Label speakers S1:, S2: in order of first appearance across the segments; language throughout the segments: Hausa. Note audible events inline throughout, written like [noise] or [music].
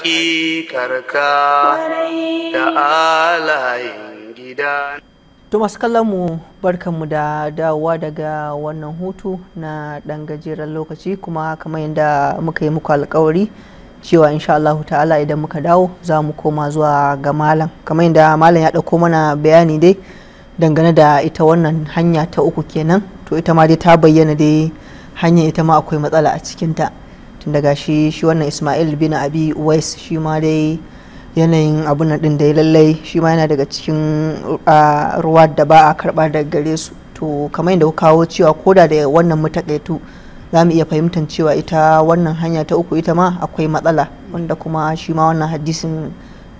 S1: karka da alayin gida.
S2: To masu kallon mu barkanmu da dawowa daga wannan hutu na ɗan gajeren lokaci kuma kamar yadda muka yi muku alkawari cewa insha Allah ta'ala idan muka dawo za mu koma zuwa ga malam kamar yadda malam ya ɗauko mana bayani dai dangane da ita wannan hanya ta uku kenan to ita ma dai ta bayyana dai hanyar ita ma akwai matsala a cikinta. ta tun daga shi shi wannan ismail bin abi west shi ma dai yanayin abun din da ya lallai shi ma yana daga cikin ruwa da ba a karba daga gare su to kamar yadda kawo cewa koda da wannan mutakaitu za mu iya fahimtar cewa ita wannan hanya ta uku ita ma akwai matsala wanda kuma shi ma wannan hadisin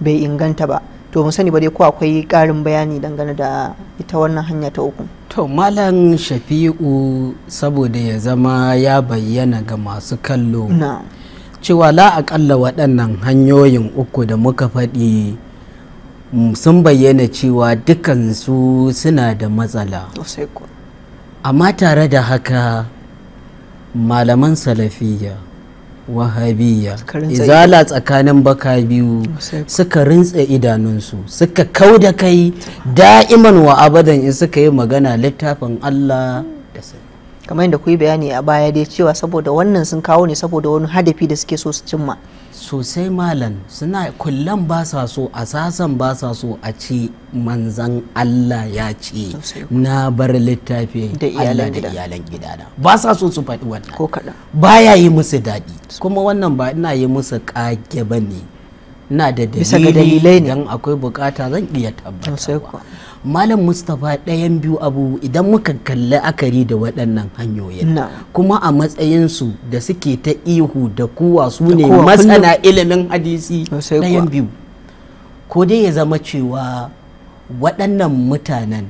S2: bai inganta ba to mu sani ba dai ko akwai ƙarin bayani dangane da ita wannan hanya ta uku
S3: to malam shafi'u saboda ya zama ya bayyana ga masu kallo cewa la aƙalla waɗannan hanyoyin uku da muka faɗi mm, sun bayyana cewa dukansu suna da matsala amma tare da haka malaman salafiyya wahabiyya izala tsakanin baka biyu suka rintsa idanunsu suka kau da kai
S2: da'iman wa abadan in suka yi magana littafin Allah da kamar yadda ku yi bayani a baya dai cewa saboda wannan sun kawo ne saboda wani hadafi da suke so su cimma sosai
S3: malam suna kullum ba sa so a sasan ba sa so a ci manzan Allah ya ce na bar littafi Allah da iyalan gidana ba sa so su faɗi wannan ko kaɗan yi musu daɗi kuma wannan ba ina yi musu ƙage ba ne na da dalili idan akwai bukata zan iya tabbatarwa malam mustapha ɗayan biyu abu idan muka kalli akari da waɗannan hanyoyin kuma a matsayinsu da suke ta ihu da kuwa su ne matsana ilimin hadisi ɗayan biyu ko dai ya zama cewa waɗannan mutanen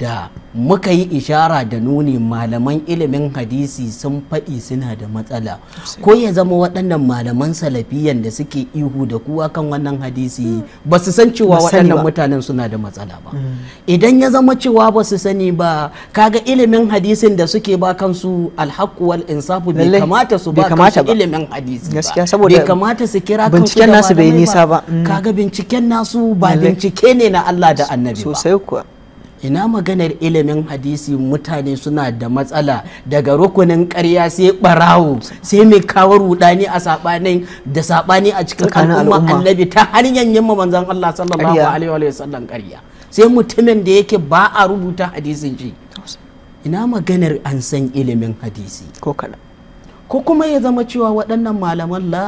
S3: da muka yi ishara da nuni malaman ilimin hadisi sun faɗi suna da matsala ko ya zama waɗannan malaman salafiyan da suke ihu da kuwa kan wannan hadisi ba su san cewa waɗannan mutanen suna da matsala ba mm. idan ya zama cewa ba su sani ba kaga ilimin hadisin da suke ba kansu alhakuwal wal insafu bai kamata su ba kansu ilimin hadisi ba bai kamata su kira kansu da malamai ba mm. kaga binciken nasu ba bincike ne na Allah da annabi ba ina maganar ilimin hadisi mutane suna da matsala daga rukunin karya sai barawo sai mai kawo rudani a sabanin da sabani a cikin al'umma annabi ta hanyar yin manzon Allah sallallahu alaihi wa sallam karya sai mutumin da yake ba a rubuta hadisin ji ina maganar an san ilimin hadisi ko kada ko kuma ya zama cewa waɗannan malaman la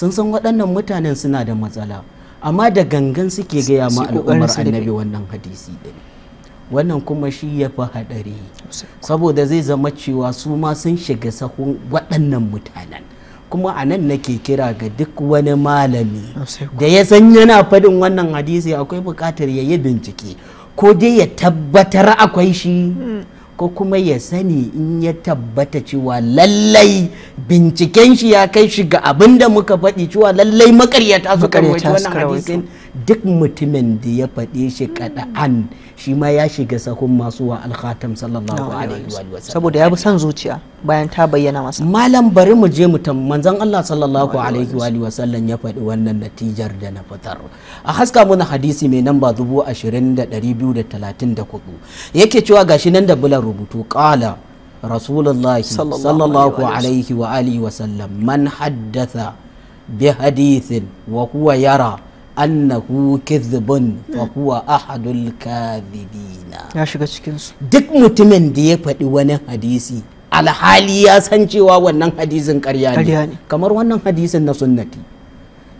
S3: sun san waɗannan mutanen suna da matsala amma da gangan suke gaya ma al'ummar annabi wannan hadisi ɗin wannan kuma shi ya fi haɗari saboda zai zama cewa su ma sun shiga sahun waɗannan mutanen kuma a nan nake kira ga duk wani malami da ya san yana faɗin wannan hadisi akwai buƙatar ya yi bincike ko dai ya tabbatar akwai shi hmm. ko kuma ya sani in ya tabbata cewa lallai binciken shi ya kai shi ga abin da muka faɗi cewa lallai makaryata su karwaci wannan hadisin duk mutumin da ya faɗe shi kaɗa'an shi ma ya shiga sahun masu wa alkhatam sallallahu alaihi wa sallam saboda ya bi son zuciya bayan ta bayyana masa malam bari mu je mu manzon Allah sallallahu alaihi wa sallam ya faɗi wannan natijar da na fitar a haska mana hadisi mai namba dubu ashirin da biyu da talatin da yake cewa gashi nan da bulan rubutu qala rasulullahi sallallahu alaihi wa alihi wa sallam man haddatha bi hadithin wa huwa yara annahu kadhibun fa huwa ahadul kadhibina ya shiga cikin su duk mutumin da ya faɗi wani hadisi alhali ya san cewa wannan hadisin ƙarya ne kamar wannan hadisin na sunnati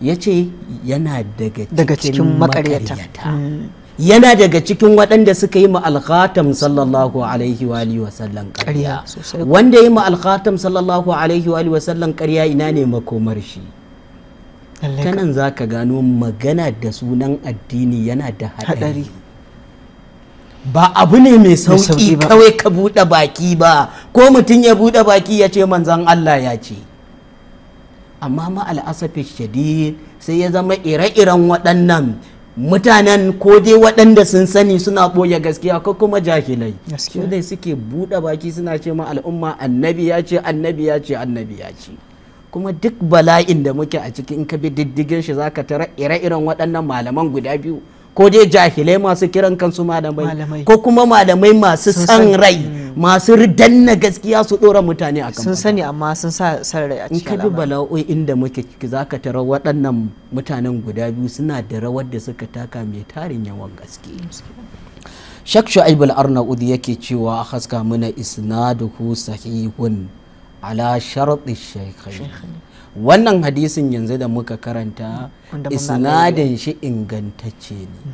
S3: ya ce yana daga cikin makaryata hmm. yana daga cikin waɗanda suka yi ma'alkhatam sallallahu alaihi wa alihi wasallam ƙarya wanda ya yi ma'alkhatam sallallahu alaihi wa alihi wasallam ƙarya ina ne makomar shi ta nan za ka gano magana da sunan addini yana da haɗari ba abu ne mai sauƙi kawai ka buɗe baki ba ko mutum ya buɗe baki ya ce manzan Allah ya ce amma ma al'asafi sai ya zama ire-iren waɗannan mutanen ko dai waɗanda sun sani suna ɓoye gaskiya ko kuma jahilai su dai suke buɗe baki suna ce ma al'umma annabi ya ce annabi ya ce annabi ya ce kuma duk bala'in da muke a cikin in ka bi diddigin shi zaka tara ire-iren waɗannan malaman guda biyu ko dai jahilai masu kiran kansu malamai ko kuma malamai masu san rai hmm. masu ridanna gaskiya su ɗora mutane a kan sun sani amma sun sa san rai a cikin in ka bi bala'o'in da muke ciki zaka tara waɗannan mutanen guda biyu suna da rawar da suka taka mai tarin yawan gaske shakshu aibul al yake cewa haska mana isnaduhu sahihun ala sharɗi shaikhai wannan hadisin yanzu da muka karanta
S1: isnadin
S3: shi ingantacce ne hmm.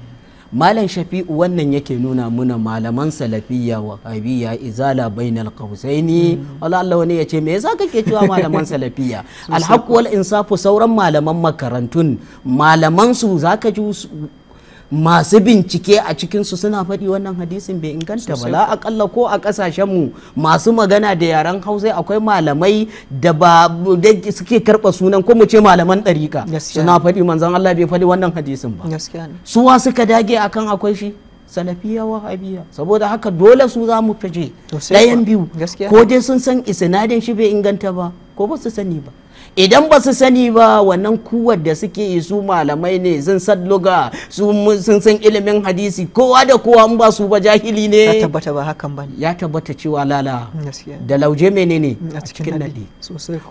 S3: malam shafi'u wannan yake nuna muna malaman salafiyya wa habiya izala bainal qausaini ne hmm. Allah wani yace me yasa kake cewa malaman [laughs] salafiya alhaq wal insafu sauran malaman makarantun malaman su zaka ji masu bincike a cikinsu suna faɗi wannan hadisin bai inganta ba la akalla ko a ƙasashenmu masu magana da yaren hausa akwai malamai da ba da suke karɓa sunan ko mu ce malaman ɗariƙa suna faɗi manzon Allah bai faɗi wannan hadisin ba suwa suka dage akan akwai shi salafiya habiya saboda haka dole su za mu fice ɗayan biyu ko dai sun san isinadin shi bai inganta ba ko ba su sani ba idan ba su sani ba wannan kuwar da suke yi su malamai ne sun san sun san ilimin hadisi kowa da kowa in ba su ba jahili ne ya tabbata ba hakan ba ya tabbata cewa lala da lauje menene a cikin nadi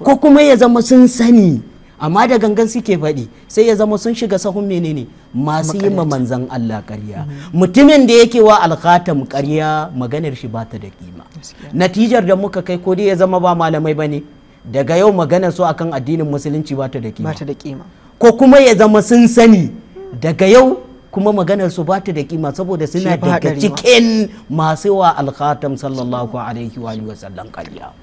S3: ko kuma ya zama sun sani amma da gangan suke faɗi sai ya zama sun shiga sahun menene masu yi ma manzan Allah karya mm-hmm. mutumin da yake wa alkhatam karya maganar shi ba ta da kima natijar da muka kai ko dai ya zama ba malamai ba ne daga yau magana so akan addinin musulunci ba ta da kima ba da kima ko kuma ya zama sun sani daga yau kuma maganar su ba ta da kima saboda suna daga cikin masu wa alkhatam sallallahu alaihi wa sallam kariya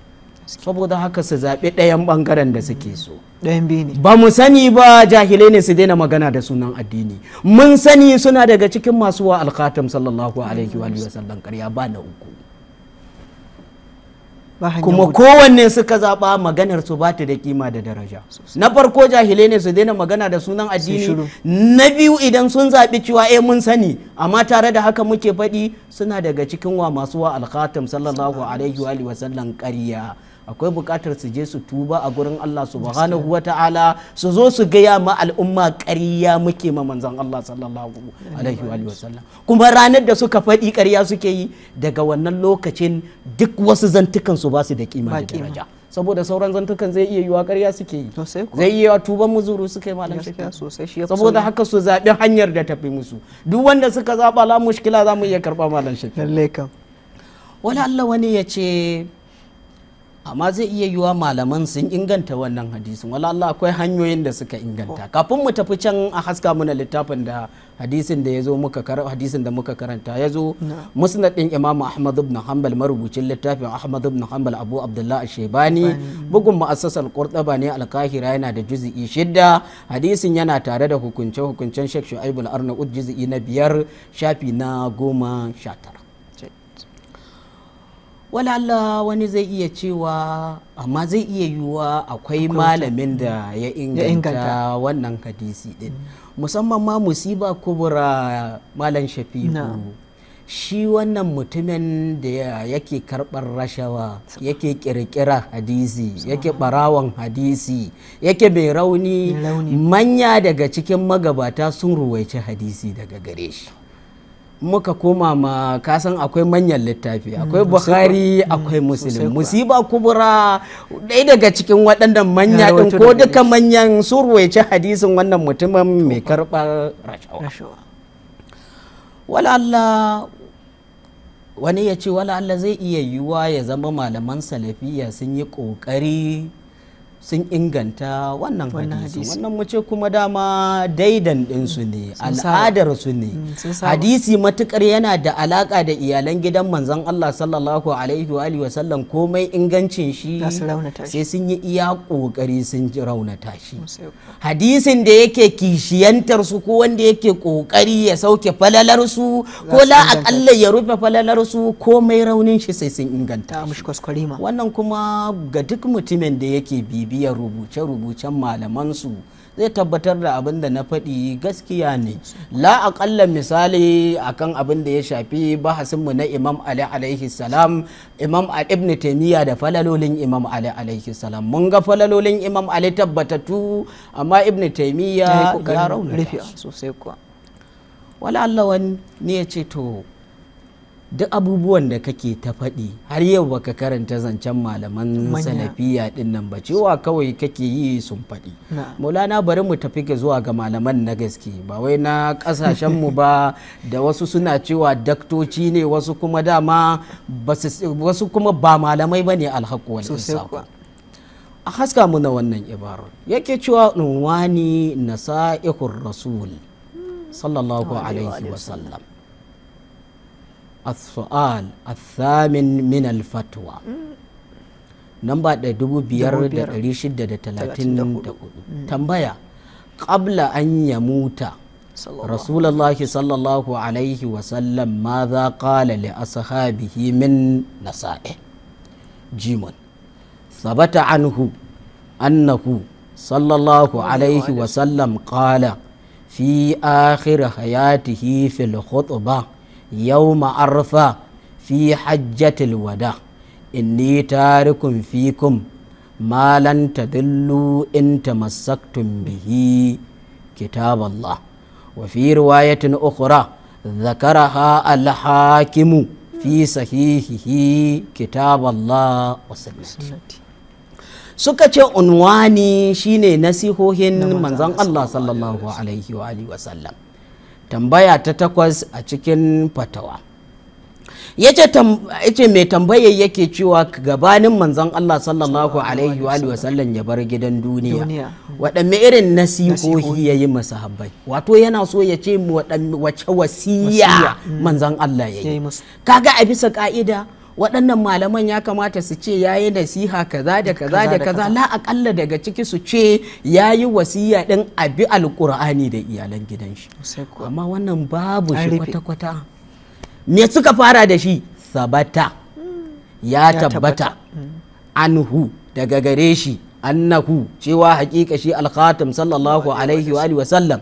S3: saboda haka su zaɓi ɗayan ɓangaren da suke so ɗayan ne ba mu sani ba jahilai ne su daina magana da sunan addini mun sani suna daga cikin masu wa alkhatam sallallahu alaihi wa sallam kariya ba na uku kuma kowanne suka zaba maganar su ba ta da kima da daraja na farko jahilai ne su daina magana da sunan addini na biyu idan sun zaɓi cewa eh mun sani amma tare da haka muke faɗi suna daga cikin wa masu wa alkhatam sallallahu alaihi wa sallam ƙarya akwai bukatar su je su tuba a gurin Allah subhanahu wa ta'ala su zo su gaya ma al'umma ƙarya muke ma manzan Allah sallallahu alaihi wa sallam kuma ranar da suka faɗi ƙarya suke yi daga wannan lokacin duk wasu zantukan su ba su da kima da daraja saboda sauran zantukan zai iya yiwa ƙarya suke yi zai iya yiwa tuban muzuru suke malam shafi saboda haka su zaɓi hanyar da tafi musu duk wanda suka zaɓa la mushkila za mu iya karɓa malam shafi wala Allah wani ya ce amma zai iya yiwa malaman sun inganta wannan hadisin wala Allah akwai hanyoyin da suka inganta kafin mu tafi can a haska muna littafin da hadisin da yazo muka karanta hadisin da muka karanta yazo musnadin Imam Ahmad ibn Hanbal marubucin littafin Ahmad ibn Hanbal Abu Abdullah ash mm. bugun mu'assasal Qurtuba ne al-Kahira yana da juz'i shidda hadisin yana tare da hukunce hukuncen Sheikh Shu'aib al-Arnaud juz'i na biyar shafi na goma sha walala wani zai iya cewa amma zai iya yiwuwa akwai malamin da ya inganta wannan hadisi din mm. musamman ma musiba kubura malam shafi'u shi wannan mutumin da yake karbar rashawa yake kirkira hadisi yake barawan hadisi yake bai rauni manya daga cikin magabata sun ruwaice hadisi daga gare shi muka koma ma kasan akwai manyan littafi mm, akwai buhari mm, akwai muslim musiba kubura ɗaya daga cikin waɗannan manya ɗin ko duka manyan surwaice hadisin wannan mutumin mai karɓar rashawa Allah wani ya ce wala Allah zai iya yiwuwa ya zama malaman salafiya sun yi ƙoƙari sun inganta wannan hadisi wannan mace kuma dama daidan ɗinsu ne al'adar su ne mm, hadisi matukar yana da alaka da iyalan gidan manzon Allah sallallahu alaihi wa sallam komai ingancin shi sai sun yi iya kokari sun ji raunata shi hadisin da yake kishiyantar su ko wanda yake kokari ya sauke falalar su ko la akalla ya rufe falalar su komai raunin shi sai sun inganta wannan kuma ga duk mutumin da yake bibi bibiyar rubuce-rubucen malamansu zai tabbatar da abin da na faɗi gaskiya ne la aƙalla misali akan abin da ya shafi bahasinmu na imam ali alaihi salam imam ibn taimiyya da falalolin imam ali alaihi salam mun ga falalolin imam ali tabbatattu amma ibn taimiyya eh, ya rufe sosai kuwa wala Allah wani ne ya ce to duk abubuwan da kake ta faɗi har yau baka karanta zancen malaman salafiya din nan ba cewa kawai kake yi sun faɗi maulana bari mu tafi ga zuwa ga malaman na gaske ba wai na ƙasashen mu ba [laughs] da wasu suna cewa daktoci ne wasu kuma dama wasu kuma ba malamai ba ne alhakuwan a haska mu na wannan ibarar yake cewa unwani nasa'ihur rasul hmm. sallallahu alaihi wasallam as-su'al athamin min al-fatwa namba da dubu biyar da ɗari shida da talatin da hudu mm. tambaya qabla an ya muta rasulullahi sallallahu alaihi wasallam ma za qala li ashabihi min nasa'i jimun sabata anhu annahu sallallahu alaihi wasallam qala fi akhir hayatihi fil khutbah يوم عرفة fi hajjatil wada إني tarikun فيكم ما لن تذلوا in تمسكتم bihi كتاب الله وفي رواية أخرى ذكرها الحاكم fi sahihihi kitaballah wa suka ce unwani shine nasihohin manzon Allah sallallahu alaihi wa sallam tambaya ta takwas a cikin fatawa ya ce mai tambaya yake cewa gabanin manzon Allah sallallahu alaihi wa sallam ya bar gidan duniya waɗanne irin nasihohi ya yi masahabbai wato yana so ya ce wace wasiya mm. manzon Allah ya yi kaga a bisa ka'ida waɗannan malaman ya kamata su ce ya yi nasiha kaza da kaza da kaza la akalla daga ciki su ce ya yi wasiya ɗin abi alƙur'ani da iyalan gidan shi amma wannan babu shi kwata-kwata me suka fara da shi sabata ya tabbata mm. anhu daga gare shi annahu cewa hakika shi alkhatam sallallahu alaihi wa sallam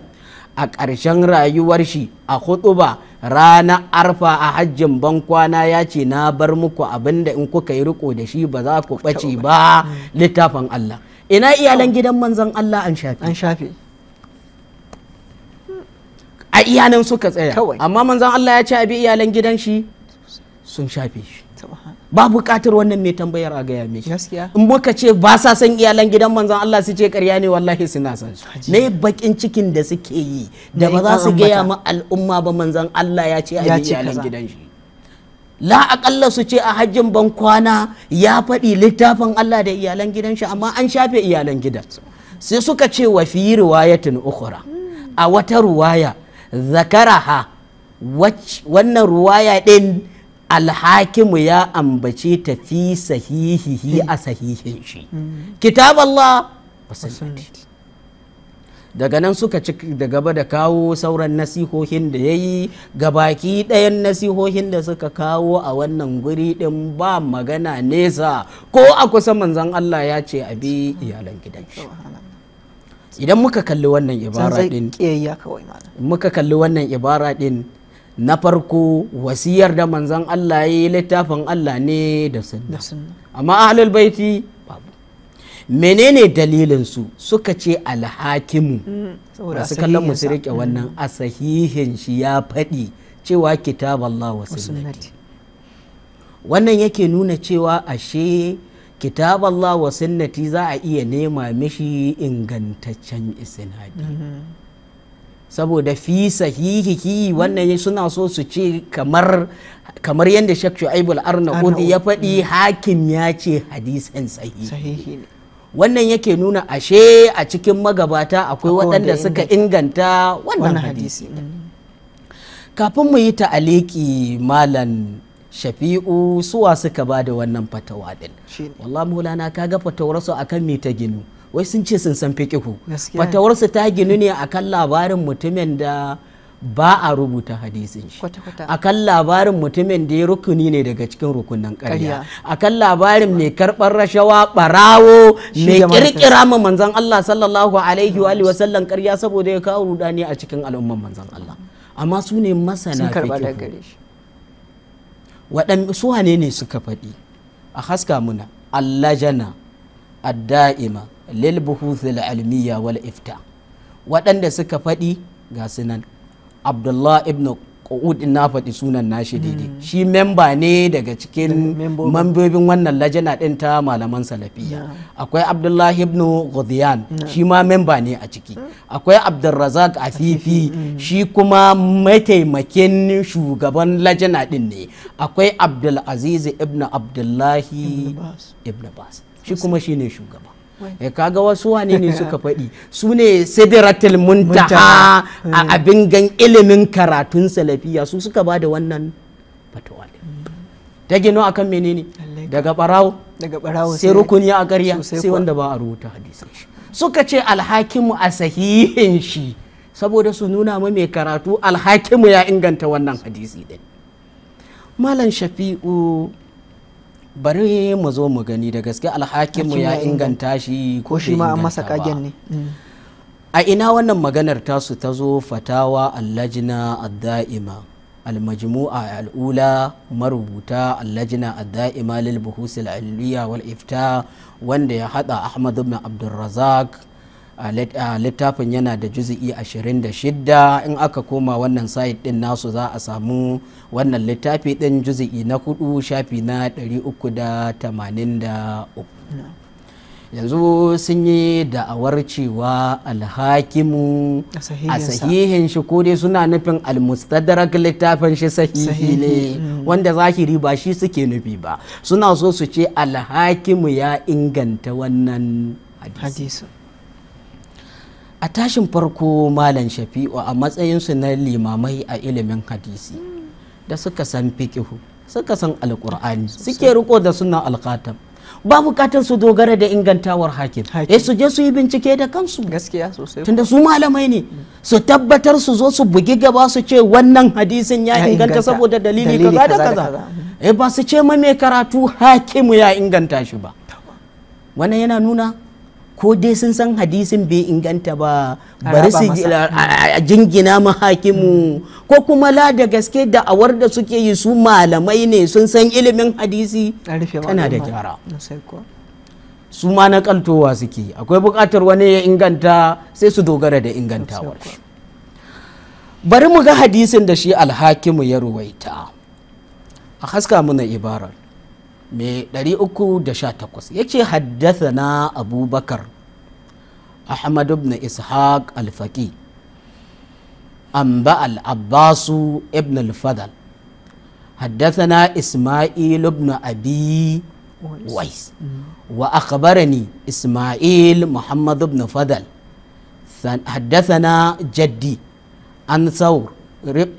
S3: a ƙarshen rayuwar shi a huɗuba rana arfa a hajjin bankwana ya ce na bar muku abinda in kuka yi riko da shi ba za ku ɓace ba mm. littafin Allah ina iyalan gidan manzon Allah an shafe an shafe a iyalan suka tsaya amma manzon Allah ya ce a bi iyalan gidan shi sun shafe shi ba bukatar wannan mai tambayar a gaya mai in muka ce ba sa san iyalan gidan manzon Allah su ce ƙarya ne wallahi suna san su ne bakin cikin da suke yi da ba za su gaya ma al'umma ba manzon Allah ya ce a iyalan gidan shi la aƙalla su ce a hajjin ban kwana ya faɗi littafin Allah da iyalan gidan shi amma an shafe iyalan gidan sai suka ce wa fi riwayatin ukhra a wata ruwaya zakaraha wannan ruwaya ɗin alhakimu ya ambaci ta fi sahihihi a sahihin shi kitab Allah daga nan suka ci da gaba da kawo sauran nasihohin da ya yi baki ɗayan nasihohin da suka kawo a wannan guri ɗin ba magana nesa ko a kusa manzan Allah ya ce a bi iyalan gidan shi idan muka kalli wannan ibara ɗin muka kalli wannan ibara ɗin na farko wasiyar da manzan Allah ya yi littafin Allah ne da sunna amma ahlul baiti babu menene dalilin su suka ce alhakimu
S2: mm, su kallon mu su rike mm.
S3: wannan asahihin shi ya faɗi cewa kitab Allah wa sunnati wannan yake nuna cewa ashe kitab Allah wa sunnati za a iya nema mishi ingantaccen isnadi mm-hmm. saboda fi sahihi wannan suna so su ce kamar kamar yadda Sheikh Shu'aibul Arnaud ya faɗi mm. hakim ya ce hadisin sahihi wannan yake nuna ashe a cikin magabata akwai waɗanda suka inganta wannan hadisi kafin mu yi ta'aliki malam shafi'u suwa suka ba da wannan fatawa din wallah mulana kaga fatawarsu akan me ta ginu wai sun ce sun san fiqihu fatawarsu ta ginu ne akan labarin mutumin da ba a rubuta hadisin shi akan labarin mutumin da ya rukuni ne daga cikin rukunan ƙarya akan labarin mai karɓar rashawa ɓarawo mai ƙirƙira ma manzan Allah sallallahu alaihi wa sallam ƙarya saboda ya kawo rudani a cikin al'umman manzan Allah amma su ne masana waɗan su wane ne suka faɗi a haska muna allajana daima. lil buhuthil almiya wal ifta waɗanda suka faɗi ga sunan abdullah ibn ƙu'ud na faɗi sunan nashi daidai hmm. shi memba ne daga cikin membobin wannan lajana ɗin ta malaman salafiya akwai abdullahi ibn ghudyan shi ma memba ne a ciki hmm. akwai abdulrazak afifi hmm. shi kuma mataimakin shugaban lajana ɗin ne akwai abdulaziz ibn abdullahi ibn bas shi kuma shine shugaba e kaga wasu wane ne suka faɗi su ne sidratul muntaha a eh. abin gan ilimin karatun salafiya su suka ba da wannan fatawa ta gino akan menene daga barawo daga barawo sai rukuni a ƙarya sai wanda ba a rubuta hadisi suka ce alhakimu a sahihin shi saboda su nuna mu mai karatu alhakimu ya inganta wannan hadisi din malam shafi'u bari mu zo mu gani da gaske alhakinmu ya inganta shi ko shi ma an masa kagen ne mm. a ina wannan maganar tasu ta zo fatawa allajina adda'ima almajmu'a al'ula marubuta allajina adda'ima lil buhusil aliyya wal ifta wanda ya hada ahmad ibn abdulrazak littafin yana da juzi'i 26 in aka koma wannan sayit din nasu za a samu wannan littafi din juzi'i na hudu shafi na 383 yanzu sun yi da'awar cewa alhakimu a sahihin shi ko dai suna nufin almustadrak littafin shi sahihi ne mm. wanda zahiri ba shi suke nufi ba suna so su ce alhakimu ya inganta wannan hadisi a tashin farko malam shafi'u a matsayinsu na limamai a ilimin hadisi da suka san fikihu suka san alkur'ani suke riko da sunan alkatam ba bukatar su dogara da ingantawar hakim ya eh, su je su yi bincike da kansu gaskiya sosai tunda su malamai ne su tabbatar su zo su bugi gaba su ce wannan hadisin ya inganta saboda dalili kaza da kaza mm. eh ba su ce ma mai karatu hakimu ya inganta shi ba wannan yana nuna ko dai sun san hadisin bai inganta ba bari su jingina mahakimu ko kuma la da gaske da awar da suke yi su malamai ne sun san ilimin hadisi tana da gyara su ma na kaltowa suke akwai bukatar wani ya inganta sai su dogara da ingantawar bari mu ga hadisin da shi alhakimu ya ruwaita a haska muna ibarar mai 318 ya ce haddasa abubakar ahmadu ibn ishaq alfaki an ba al'abbasu ibn alfadal haddasa na ismail ibn abi wais mm. wa akabara ismail muhammadu ibn fadal haddasa na jaddi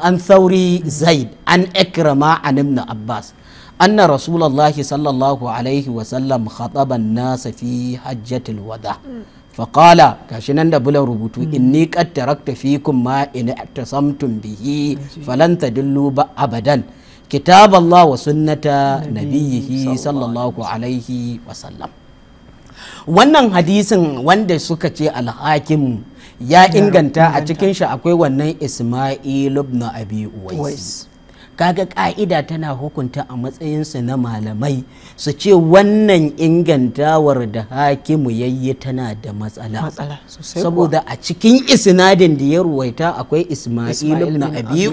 S3: an sauri zaid an ikrama an ibn abbasu anna rasulullahi sallallahu alaihi wasallam khataban nasa fi hajjatul wada faƙala gashi nan da bulan rubutu inni qad tarakta fikum ma in tasamtum bihi falan tadillu ba abadan kitab Allah wa sunnata nabiyhi sallallahu alaihi wasallam wannan hadisin wanda suka ce alhakim ya inganta a cikin shi akwai wannan Isma'il ibn Abi Uwais kaga ka'ida tana hukunta a matsayinsu na malamai su ce wannan ingantawar da hakimu yayyi tana da matsala
S2: saboda
S3: a cikin isnadin da ya ruwaita akwai ismail na abi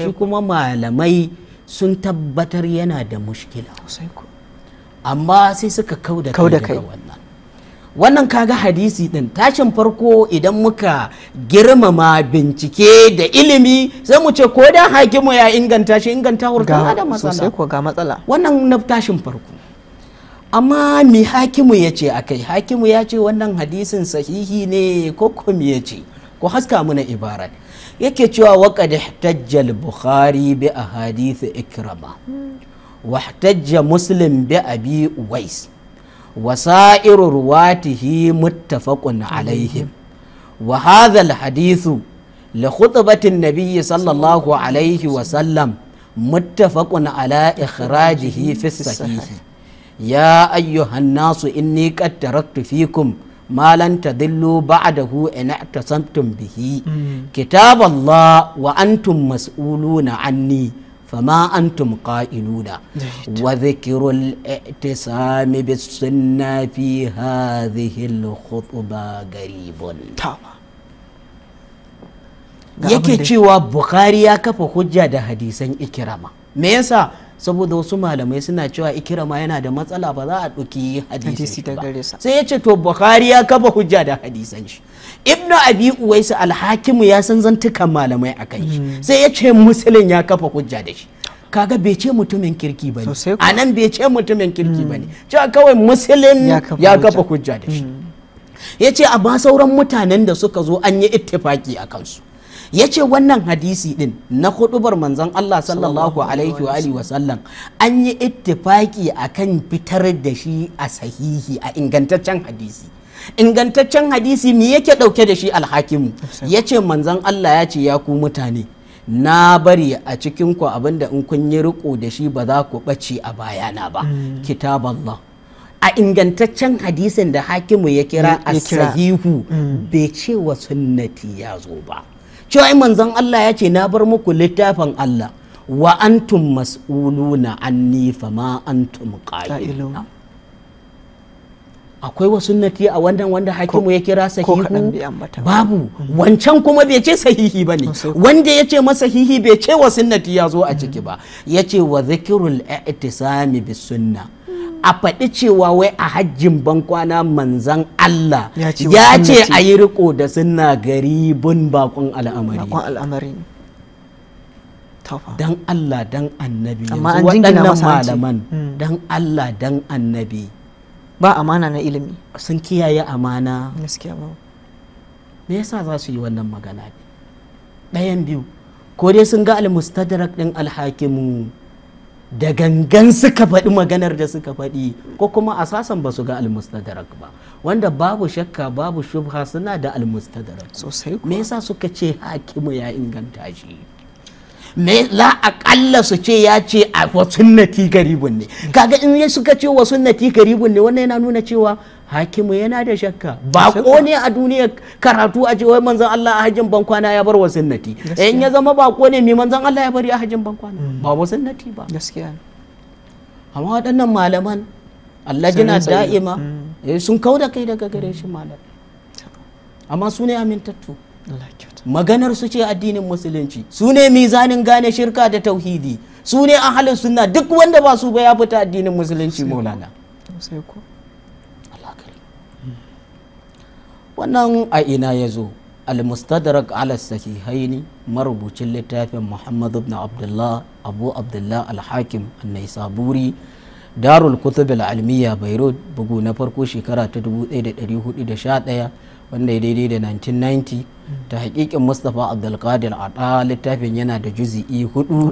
S3: shi kuma malamai sun tabbatar yana da mushkila amma sai suka kau kai wannan kaga hadisi din tashin farko idan muka girmama bincike da ilimi sai mu ce ko da hakimu ya inganta shi inganta hurta da matsala ko ga matsala wannan na tashin farko amma mi hakimu ya ce kai hakimu ya ce wannan hadisin sahihi ne ko kuma ya ce ko haska muna ibarat yake cewa waqad ihtajjal bukhari bi ahadith ikrama wa ihtajja muslim bi abi uwais wasa'iru ruwatihi muttafaqun alaihim wa hadha alhadithu li khutbatin nabiyyi sallallahu alaihi wa sallam muttafaqun ala ikhrajihi fi sahih ya ayyuhan nasu inni qad taraktu fikum ما لن تذلوا بعده إن اعتصمتم به كتاب الله وأنتم مسؤولون عني fama antum qa'iluna wa dhikru al-i'tisam bis-sunna fi hadhihi al-khutba garibun yake cewa bukhari ya kafa hujja da hadisan ikirama me yasa saboda wasu malamai suna cewa ikirama yana da matsala ba za a ɗauki hadisi ba sai ya ce to bukhari ya kafa hujja da hadisan shi ibn abi uwaisu alhakimu ya san zantukan malamai a kai shi hmm. sai ya ce musulun ya kafa hujja da shi kaga bai ce mutumin kirki bane a nan bai ce mutumin kirki bane hmm. cewa kawai musulun ya kafa hujja da shi hmm. ya ce amma sauran mutanen da suka zo an yi ittifaki a kansu ya ce wannan hadisi din na hudubar manzon Allah sallallahu alaihi wa alihi wasallam an yi ittifaki akan fitar da shi a sahihi a ingantaccen hadisi ingantaccen hadisi me yake dauke da shi alhakimu ya ce manzon Allah ya ce ya ku mutane na bari a cikin ku abinda in kun yi riko da shi ba za ku bace a bayana ba hmm. kitaballah a ingantaccen hadisin da hakimu ya kira a sahihu hmm. bai ce sunnati ya zo ba cewa manzon Allah ya ce na bar muku littafin Allah wa antum mas'uluna anni ma antum qa'iluna akwai wasu sunnati a wannan wanda hakimu ya kira sahihu babu hmm. wancan kuma bai ce sahihi ba ne wanda ya ce sahihi bai ce wa sunnati ya zo a ciki hmm. ba ya ce wa zikirul i'tisami bis sunnah a faɗi cewa wai a hajjin bankwana manzan Allah ya ce a yi riko da gari garibin bakon al'amari dan Allah dan annabi yanzu waɗannan malaman hmm. dan Allah dan annabi ba amana na ilimi sun kiyaye amana me yasa za su yi wannan magana ɗayan biyu ko dai sun ga al-mustadrak al alhakimu da gangan suka faɗi maganar da suka faɗi ko kuma asasan ba su ga almustadarak ba wanda babu shakka babu shubha suna da almustadarak sosai me yasa suka ce hakimu ya inganta shi me la aqalla su ce ya ce a wasu nati garibun ne kaga in suka ce wasu nati garibun ne wannan yana nuna cewa hakimu yana da shakka bako ne a duniya karatu a cewa manzon Allah a hajjin bankwana ya bar nati in ya zama bako ne mai manzon Allah ya bari a hajjin bankwana mm. ba wasunnati ba gaskiya amma waɗannan malaman Allah jina da'ima mm. eh, sun kauda kai daga gare shi malam amma su ne amintattu maganar su ce addinin musulunci su ne mizanin gane shirka da tauhidi su ne ahalin sunna duk wanda ba su ba ya fita addinin musulunci maulana wannan a ina ya zo al-mustadrak ala sahihaini marubucin littafin muhammad ibn abdullah abu abdullah al-hakim an-naisaburi darul kutub al-almiya beirut bugu na farko shekara ta 1411 wanda ya daidai da 1990 ta hakikin mustapha abdulkadir a littafin yana da juzi'i hudu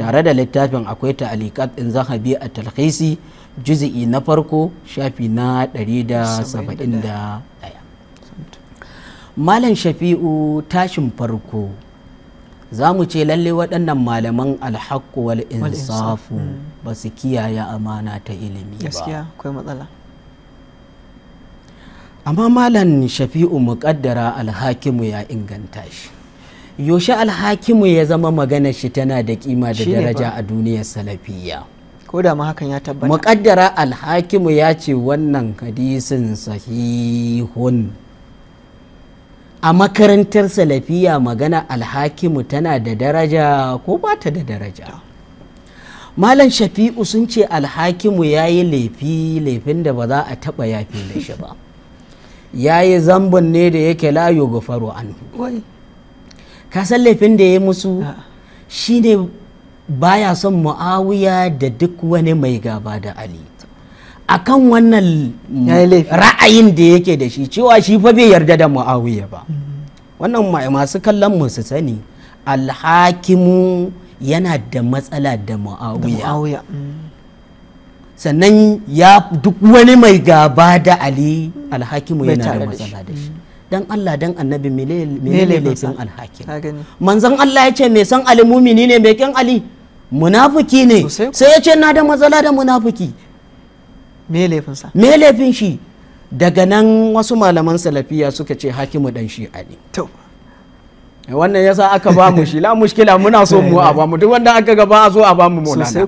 S3: tare da littafin akwai ta'alikat in zahabi a talhisi juzi'i na farko shafi na 171 malam shafi'u tashin farko za mu ce lalle waɗannan malaman alhaku wal insafu hmm. ba su kiyaye amana ta ilimi ba gaskiya akwai matsala amma malam shafi'u muƙaddara alhakimu ya inganta shi yaushe alhakimu ya zama magana shi tana da kima da daraja a duniyar salafiya.
S2: ko da ma hakan ya tabbata
S3: muƙaddara alhakimu ya ce wannan hadisin sahihun a makarantar salafiya magana alhakimu tana da daraja ko ba ta da daraja malam shafi'u sun ce alhakimu ya yi laifi laifin da ba za a taɓa yafi da shi ba ya yi zambon ne da yake layo ga faro an kasan laifin da ya musu ah. shine baya son mu'awiya da duk wani mai gaba da ali akan wannan ra'ayin da yake da shi cewa shi fa bai yarda da muawiya ba mm-hmm. wannan masu kallon mu su sani alhakimu yana da matsala da muawiya mm. sannan ya duk wani mai gaba da ali alhakimu yana da matsala da shi mm. dan Allah dan annabi ne laifin
S2: alhakim
S3: manzon Allah ya ce mai san ali ne mai kin ali munafiki ne sai ya ce na da matsala da munafiki me me laifin shi daga nan wasu malaman salafiya suka ce hakimu dan shi'a ne to wannan yasa aka ba mu shi la mushkila muna so mu a ba mu duk wanda aka gaba a so a ba mu maulana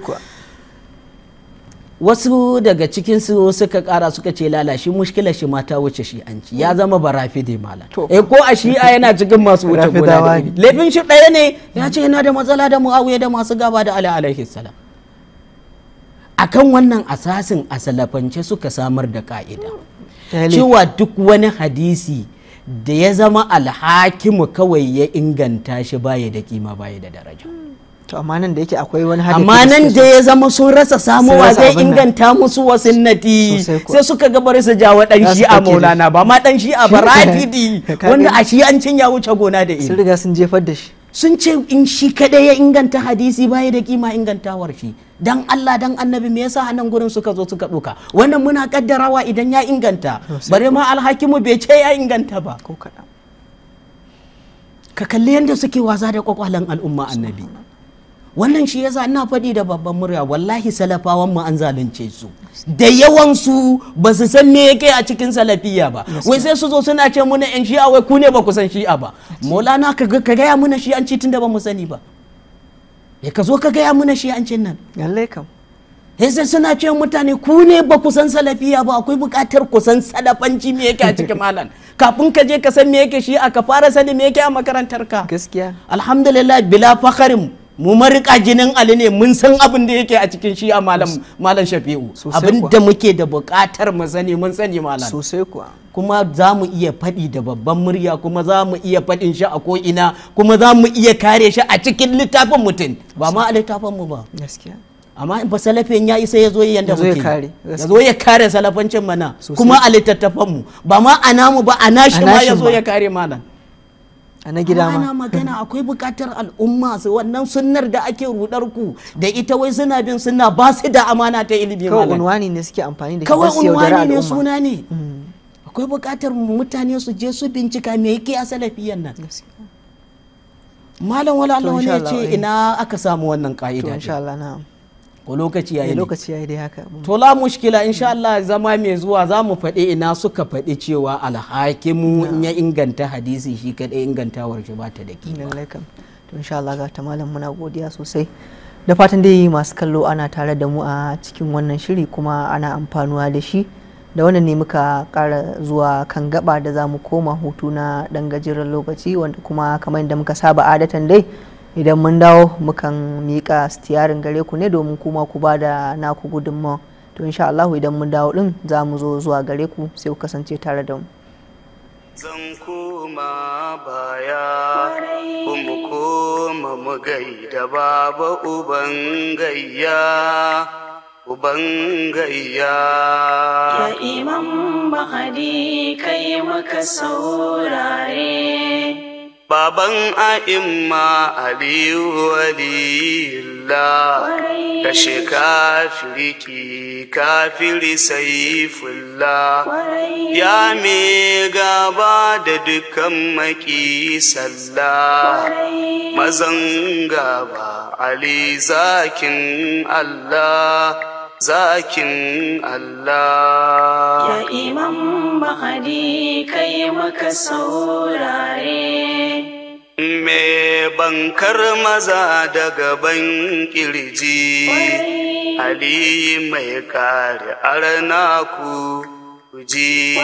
S3: wasu daga cikin su suka kara suka ce lalashi mushkila shi mata wuce shi an ci ya zama barafi da mala eh ko a shi'a yana cikin masu wuce guda laifin shi ɗaya ne ya ce yana da matsala da muawiya da masu gaba da ali alaihi salam akan wannan asasin a salafance suka samar da ka'ida cewa duk wani hadisi da ya zama alhakimu kawai ya inganta shi baya da kima baya da daraja
S2: to amma nan da yake akwai wani hadisi amma nan da ya zama sun rasa samuwa zai inganta
S3: musu nati sai suka ga bari su ja wa shi a maulana ba ma dan shi a rafidi wanda a shi an cin ya wuce gona da ilimi sun riga sun jefar da shi sun ce in shi kadai ya inganta hadisi baya da kima ingantawar shi dan Allah dan annabi me yasa anan gurin suka zo suka duka wannan muna kaddarawa idan ya inganta bare ma alhakimu bai ce ya inganta ba ko ka kalli yadda suke waza da kwakwalan al'umma annabi wannan shi yasa ina faɗi da babban murya wallahi salafawan mu an zalunce su da yawan su ba su san me yake a cikin salafiya ba wai sai su zo suna ce muna yan shi'a wai ku ne ba ku san shi'a ba maulana ka ga ya muna shi'anci da ba mu sani ba ya eh, ka zo ka gaya muna shi an nan lallai kam eh, sai suna ce mutane ku ne ba ku san salafiya ba akwai bukatar kusan salafanci me yake a cikin malam [laughs] kafin ka je ka san me yake shi a ka fara sani me yake a makarantar ka gaskiya alhamdulillah bila fakharin mu marika jinin ali ne mun san abin da yake a cikin shi a malam malam shafi'u abin da muke da buƙatar mu sani mun sani malam sosai kuwa kuma za mu iya faɗi da babban murya kuma za mu iya faɗin shi a ko'ina kuma za mu iya kare shi a cikin littafin mutum ba ma a littafin mu ba gaskiya amma ba salafin ya isa ya zo yanda muke ya zo ya kare salafancin mana kuma a littattafan mu ba ma a namu ba a nashi ma ya zo ya kare malam na gida ma magana akwai bukatar al'umma su wannan sunnar da ake rudar ku da ita wai suna bin suna ba su da amana ta ilimi kawai
S2: unwani ne suke amfani da kawai unwani
S3: ne suna ne mm. akwai bukatar mutane su je su bincika me yake a salafiyan nan malam wala Allah wani ya ce eh. ina aka samu wannan ka'ida insha Allah na'am ko lokaci yayi lokaci
S2: yayi dai haka to
S3: la mushkila insha Allah zama mai zuwa za mu faɗi ina suka faɗi cewa alhakimu in ya inganta hadisi shi kadai
S2: ingantawar shi ba ta da kima to insha Allah ga ta malam muna godiya sosai da fatan dai masu kallo ana tare da mu a cikin wannan shiri kuma ana amfanuwa da shi da wannan ne muka kara zuwa kan gaba da za mu koma hutu na dan gajeren lokaci wanda kuma kamar yadda muka saba adatan dai idan mun dawo mukan miƙa stiyarin gare ku ne domin kuma ku ba da naku gudunmawa to insha Allah idan mun dawo din za mu zo zuwa gare ku sai ku kasance tare da mu zan
S1: koma baya mu koma mu gaida baba uban gayya gayya Ya imam bahadi kai maka saurare. baban a'imma aliyu waliyillah kashe kafiriki kafiri saifullah ya me gaba da dukkan maki sallah mazan gaba ali zakin allah zakin Allah. Ya imam mahadi kai maka saurare. Me bankar maza daga ban kirji, Ali mai kare ku Ji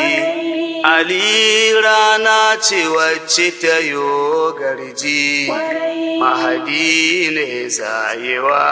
S1: Ali rana ce wacce ta yo garji, mahadi ne zayewa.